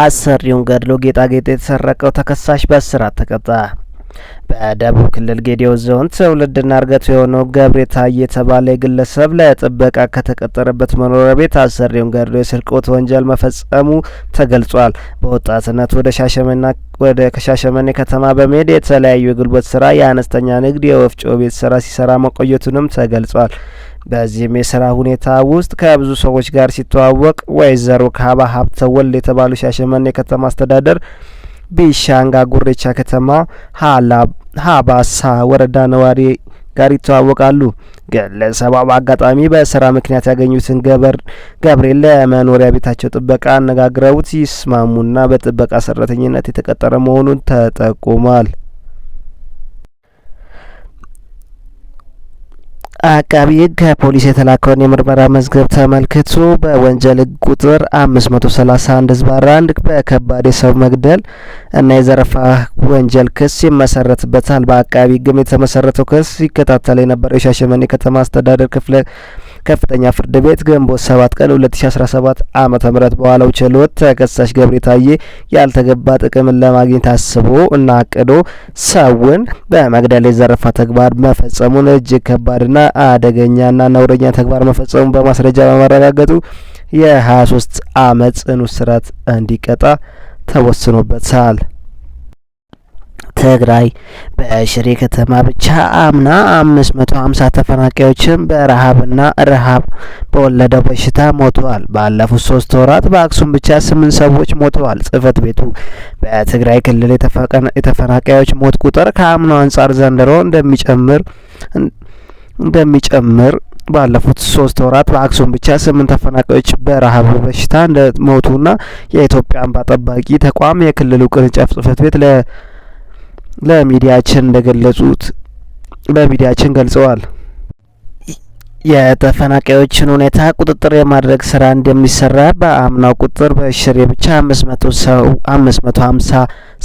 አሰሪውን ገድሎ ጌጣጌጥ የተሰረቀው ተከሳሽ በእስራት ተቀጣ። በደቡብ ክልል ጌዲዮ ዞን ትውልድና እርገቱ የሆነው ገብሬ ታዬ የተባለ ግለሰብ ለጥበቃ ከተቀጠረበት መኖሪያ ቤት አሰሪውን ገድሎ የስርቆት ወንጀል መፈጸሙ ተገልጿል። በወጣትነት ወደ ሻሸመና ወደ ከሻሸመኔ ከተማ በመሄድ የተለያዩ የጉልበት ስራ፣ የአነስተኛ ንግድ፣ የወፍጮ ቤት ስራ ሲሰራ መቆየቱንም ተገልጿል። በዚህም የስራ ሁኔታ ውስጥ ከብዙ ሰዎች ጋር ሲተዋወቅ ወይዘሮ ካባ ሀብተ ወልድ የተባሉ ሻሸመኔ የከተማ አስተዳደር ቢሻንጋ ጉሬቻ ከተማ ሀባሳ ወረዳ ነዋሪ ጋር ይተዋወቃሉ። ግለሰቧ በአጋጣሚ በስራ ምክንያት ያገኙትን ገበር ገብርኤል ለመኖሪያ ቤታቸው ጥበቃ አነጋግረውት ይስማሙና በጥበቃ ሰራተኝነት የተቀጠረ መሆኑን ተጠቁሟል። አቃቢ ህግ ከፖሊስ የተላከውን የምርመራ መዝገብ ተመልክቶ በወንጀል ህግ ቁጥር አምስት መቶ ሰላሳ አንድ ህዝብ አንድ በከባድ የሰው መግደል እና የዘረፋ ወንጀል ክስ ይመሰረትበታል። በአቃቢ ህግም የተመሰረተው ክስ ሲከታተል የነበረው የሻሸመኔ ከተማ አስተዳደር ክፍለ ከፍተኛ ፍርድ ቤት ግንቦት 7 ቀን 2017 ዓመተ ምህረት በኋላው ችሎት ተከሳሽ ገብሬ ታዬ ያልተገባ ጥቅምን ለማግኘት አስቦ እና አቅዶ ሰውን በመግደል የዘረፋ ተግባር መፈጸሙን እጅግ ከባድና አደገኛና ነውረኛ ተግባር መፈጸሙን በማስረጃ በማረጋገጡ የ23 ዓመት ጽኑ እስራት እንዲቀጣ ተወስኖበታል። ትግራይ በሽሬ ከተማ ብቻ አምና 550 ተፈናቃዮችን በረሃብና ረሃብ በወለደው በሽታ ሞተዋል። ባለፉት ሶስት ወራት በአክሱም ብቻ ስምንት ሰዎች ሞተዋል። ጽህፈት ቤቱ በትግራይ ክልል የተፈናቃዮች ሞት ቁጥር ከአምናው አንጻር ዘንድሮ እንደሚጨምር እንደሚጨምር ባለፉት ሶስት ወራት በአክሱም ብቻ ስምንት ተፈናቃዮች በረሃብ በሽታ እንደሞቱና የኢትዮጵያ እንባ ጠባቂ ተቋም የክልሉ ቅርንጫፍ ጽህፈት ቤት ለ ለሚዲያችን እንደገለጹት ለሚዲያችን ገልጸዋል። የተፈናቃዮችን ሁኔታ ቁጥጥር የማድረግ ስራ እንደሚሰራ በአምናው ቁጥር በሽሬ ብቻ አምስት መቶ ሀምሳ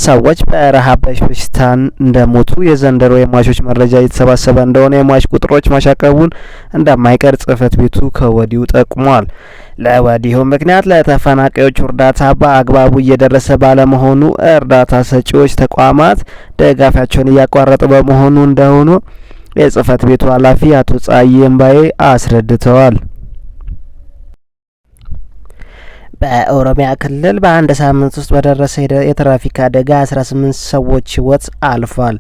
ሰዎች በረሃብ በሽታን እንደሞቱ የዘንድሮ የሟቾች መረጃ እየተሰባሰበ እንደሆነ የሟች ቁጥሮች ማሻቀቡን እንደማይቀር ጽህፈት ቤቱ ከወዲሁ ጠቁሟል። ለወዲሁ ምክንያት ለተፈናቃዮች እርዳታ በአግባቡ እየደረሰ ባለመሆኑ እርዳታ ሰጪዎች ተቋማት ደጋፊያቸውን እያቋረጡ በመሆኑ እንደሆኑ የጽህፈት ቤቱ ኃላፊ አቶ ጸሐዬ እምባዬ አስረድተዋል። በኦሮሚያ ክልል በአንድ ሳምንት ውስጥ በደረሰ የትራፊክ አደጋ 18 ሰዎች ህይወት አልፏል።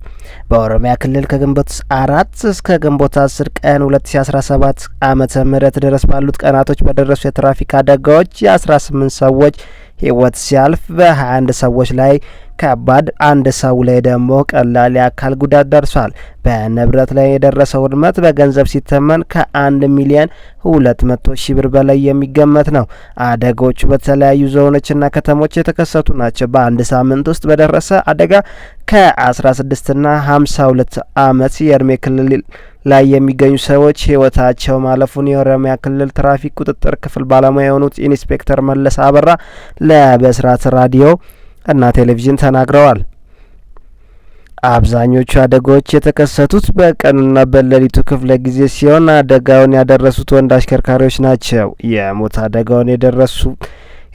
በኦሮሚያ ክልል ከግንቦት አራት እስከ ግንቦት 10 ቀን 2017 ዓመተ ምህረት ድረስ ባሉት ቀናቶች በደረሱ የትራፊክ አደጋዎች የ18 ሰዎች ህይወት ሲያልፍ በ21 ሰዎች ላይ ከባድ፣ አንድ ሰው ላይ ደግሞ ቀላል የአካል ጉዳት ደርሷል። በንብረት ላይ የደረሰው ውድመት በገንዘብ ሲተመን ከአንድ ሚሊየን ሁለት መቶ ሺህ ብር በላይ የሚገመት ነው። አደጋዎቹ በተለያዩ ዞኖችና ከተሞች የተከሰቱ ናቸው። በአንድ ሳምንት ውስጥ በደረሰ አደጋ ከ16ና ሁለት ዓመት የእድሜ ክልል ላይ የሚገኙ ሰዎች ህይወታቸው ማለፉን የኦሮሚያ ክልል ትራፊክ ቁጥጥር ክፍል ባለሙያ የሆኑት ኢንስፔክተር መለስ አበራ ለበስራት ራዲዮ እና ቴሌቪዥን ተናግረዋል። አብዛኞቹ አደጋዎች የተከሰቱት በቀኑና በሌሊቱ ክፍለ ጊዜ ሲሆን አደጋውን ያደረሱት ወንድ አሽከርካሪዎች ናቸው። የሞት አደጋውን የደረሱ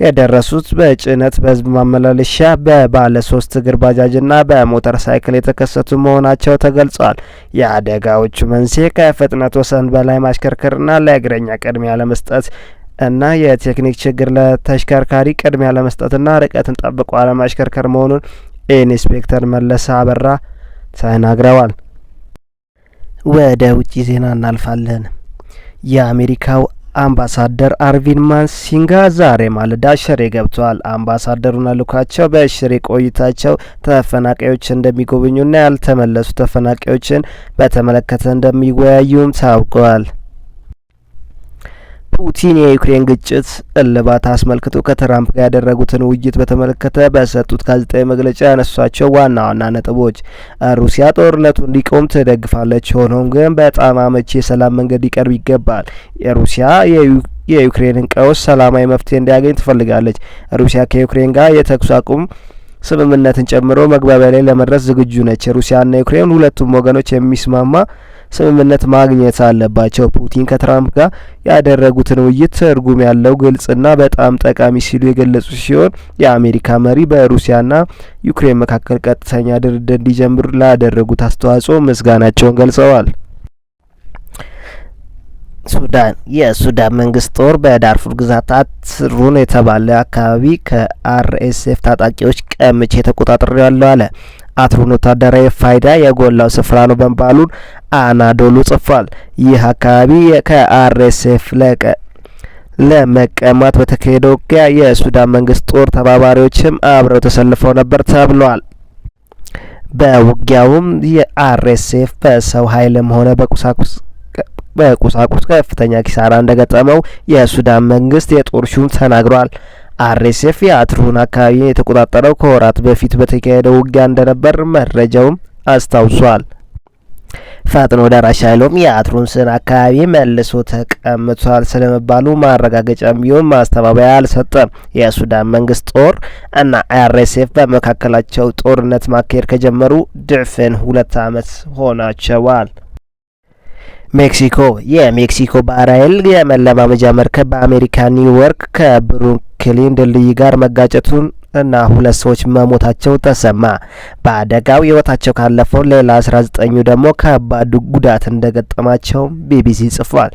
የደረሱት በጭነት በህዝብ ማመላለሻ በባለ ሶስት እግር ባጃጅና በሞተር ሳይክል የተከሰቱ መሆናቸው ተገልጿል። የአደጋዎቹ መንስኤ ከፍጥነት ወሰን በላይ ማሽከርከርና ለእግረኛ ቅድሚያ ለመስጠት እና የቴክኒክ ችግር ለተሽከርካሪ ቅድሚያ ለመስጠትና ርቀትን ጠብቆ አለማሽከርከር መሆኑን ኢንስፔክተር መለሰ አበራ ተናግረዋል። ወደ ውጭ ዜና እናልፋለን። የአሜሪካው አምባሳደር አርቪን ማንሲንጋ ዛሬ ማለዳ ሽሬ ገብተዋል። አምባሳደሩና ልኳቸው በሽሬ ቆይታቸው ተፈናቃዮች እንደሚጎበኙና ያልተመለሱ ተፈናቃዮችን በተመለከተ እንደሚወያዩም ታውቋል። ፑቲን የዩክሬን ግጭት እልባት አስመልክቶ ከትራምፕ ጋር ያደረጉትን ውይይት በተመለከተ በሰጡት ጋዜጣዊ መግለጫ ያነሷቸው ዋና ዋና ነጥቦች ሩሲያ ጦርነቱ እንዲቆም ትደግፋለች፣ ሆኖም ግን በጣም አመቺ የሰላም መንገድ ሊቀርብ ይገባል። የሩሲያ የዩክሬንን ቀውስ ሰላማዊ መፍትሄ እንዲያገኝ ትፈልጋለች። ሩሲያ ከዩክሬን ጋር የተኩስ አቁም ስምምነትን ጨምሮ መግባቢያ ላይ ለመድረስ ዝግጁ ነች። ሩሲያና ዩክሬን ሁለቱም ወገኖች የሚስማማ ስምምነት ማግኘት አለባቸው። ፑቲን ከትራምፕ ጋር ያደረጉትን ውይይት ትርጉም ያለው ግልጽና በጣም ጠቃሚ ሲሉ የገለጹ ሲሆን የአሜሪካ መሪ በሩሲያና ዩክሬን መካከል ቀጥተኛ ድርድር እንዲጀምሩ ላደረጉት አስተዋጽኦ ምስጋናቸውን ገልጸዋል። ሱዳን የሱዳን መንግስት ጦር በዳርፉር ግዛት አትሩን የተባለ አካባቢ ከአርኤስኤፍ ታጣቂዎች ቀምቼ ተቆጣጥሬ ያለው አለ። አትሩን ወታደራዊ ፋይዳ የጎላው ስፍራ ነው በመባሉን አናዶሉ ጽፏል። ይህ አካባቢ ከአርኤስኤፍ ለቀ ለመቀማት በተካሄደው ውጊያ የሱዳን መንግስት ጦር ተባባሪዎችም አብረው ተሰልፈው ነበር ተብሏል። በውጊያውም የአርኤስኤፍ በሰው ኃይልም ሆነ በቁሳቁስ በቁሳቁስ ከፍተኛ ኪሳራ እንደገጠመው የሱዳን መንግስት የጦር ሹም ተናግሯል። አርኤስኤፍ የአትሩን አካባቢ የተቆጣጠረው ከወራት በፊት በተካሄደ ውጊያ እንደነበር መረጃውም አስታውሷል። ፈጥኖ ደራሽ ኃይሎም የአትሩን ስን አካባቢ መልሶ ተቀምቷል ስለመባሉ ማረጋገጫ ቢሆን ማስተባበያ አልሰጠም። የሱዳን መንግስት ጦር እና አርኤስኤፍ በመካከላቸው ጦርነት ማካሄድ ከጀመሩ ድፍን ሁለት ዓመት ሆናቸዋል። ሜክሲኮ የሜክሲኮ ባህር ኃይል የመለማመጃ መርከብ በአሜሪካ ኒውዮርክ ከብሩክ ክሊን ድልድይ ጋር መጋጨቱን እና ሁለት ሰዎች መሞታቸው ተሰማ። በአደጋው ሕይወታቸው ካለፈው ሌላ 19ኙ ደግሞ ከባድ ጉዳት እንደገጠማቸው ቢቢሲ ጽፏል።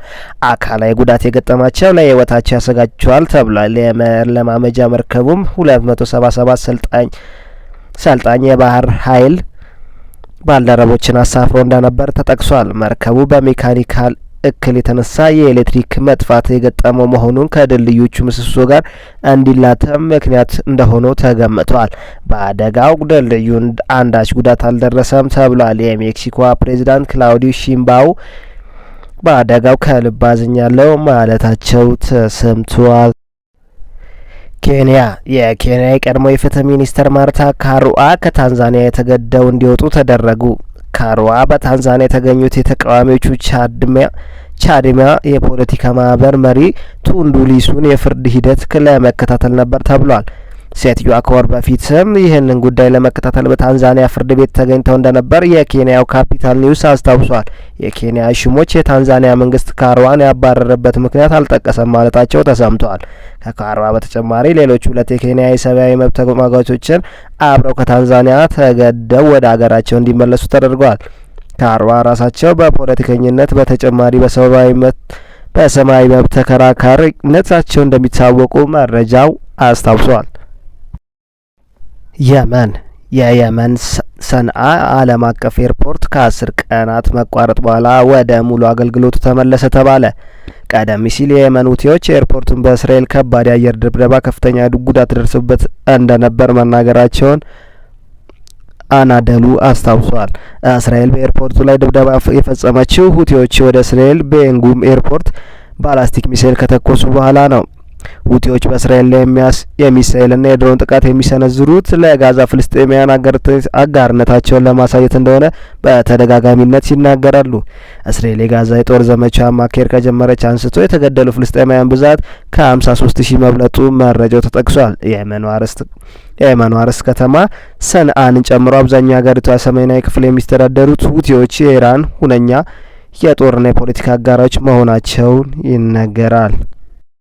አካላዊ ጉዳት የገጠማቸው ለህይወታቸው ያሰጋቸዋል ተብሏል። የመለማመጃ መርከቡም 277 ሰልጣኝ ሰልጣኝ የባህር ኃይል ባልደረቦችን አሳፍሮ እንደነበር ተጠቅሷል። መርከቡ በሜካኒካል እክል የተነሳ የኤሌክትሪክ መጥፋት የገጠመው መሆኑን ከድልድዮቹ ምሰሶ ጋር እንዲላተም ምክንያት እንደሆነ ተገምቷል። በአደጋው ድልድዩ አንዳች ጉዳት አልደረሰም ተብሏል። የሜክሲኮ ፕሬዚዳንት ክላውዲዮ ሺምባው በአደጋው ከልብ አዝኛለሁ ማለታቸው ተሰምቷል። ኬንያ የኬንያ የቀድሞ የፍትህ ሚኒስተር ማርታ ካሩአ ከታንዛኒያ የተገደው እንዲወጡ ተደረጉ። አማካሪዋ በታንዛኒያ የተገኙት የተቃዋሚዎቹ ቻድሚያ የፖለቲካ ማህበር መሪ ቱንዱ ሊሱን የፍርድ ሂደት ለመከታተል ነበር ተብሏል። ሴትዮዋ ከወር በፊትም ይህንን ጉዳይ ለመከታተል በታንዛኒያ ፍርድ ቤት ተገኝተው እንደነበር የኬንያው ካፒታል ኒውስ አስታውሷል። የኬንያ ሹሞች የታንዛኒያ መንግስት ካርዋን ያባረረበት ምክንያት አልጠቀሰም ማለታቸው ተሰምተዋል። ከካርዋ በተጨማሪ ሌሎች ሁለት የኬንያ የሰብአዊ መብት ተሟጋቾችን አብረው ከታንዛኒያ ተገደው ወደ አገራቸው እንዲመለሱ ተደርጓል። ካርዋ ራሳቸው በፖለቲከኝነት በተጨማሪ በሰብአዊ መብት በሰብአዊ መብት ተከራካሪነታቸው እንደሚታወቁ መረጃው አስታውሷል። የመን የየመን ሰንዓ ዓለም አቀፍ ኤርፖርት ከአስር ቀናት መቋረጥ በኋላ ወደ ሙሉ አገልግሎቱ ተመለሰ ተባለ። ቀደም ሲል የየመን ሁቲዎች ኤርፖርቱን በእስራኤል ከባድ የአየር ድብደባ ከፍተኛ ጉዳት ደርሶበት እንደነበር መናገራቸውን አናደሉ አስታውሷል። እስራኤል በኤርፖርቱ ላይ ድብደባ የፈጸመችው ሁቲዎች ወደ እስራኤል ቤንጉም ኤርፖርት ባላስቲክ ሚሳኤል ከተኮሱ በኋላ ነው። ሁቲዎች በእስራኤል ላይ የሚሳኤልና የድሮን ጥቃት የሚሰነዝሩት ለጋዛ ፍልስጤማውያን አጋርነታቸውን ለማሳየት እንደሆነ በተደጋጋሚነት ይናገራሉ። እስራኤል የጋዛ የጦር ዘመቻ ማካሄድ ከጀመረች አንስቶ የተገደሉ ፍልስጤማውያን ብዛት ከ53 ሺህ መብለጡ መረጃው ተጠቅሷል። የየመን ዋርስ ከተማ ሰንአንን ጨምሮ አብዛኛው የሀገሪቷ ሰሜናዊ ክፍል የሚስተዳደሩት ሁቲዎች የኢራን ሁነኛ የጦርና የፖለቲካ አጋሮች መሆናቸውን ይነገራል።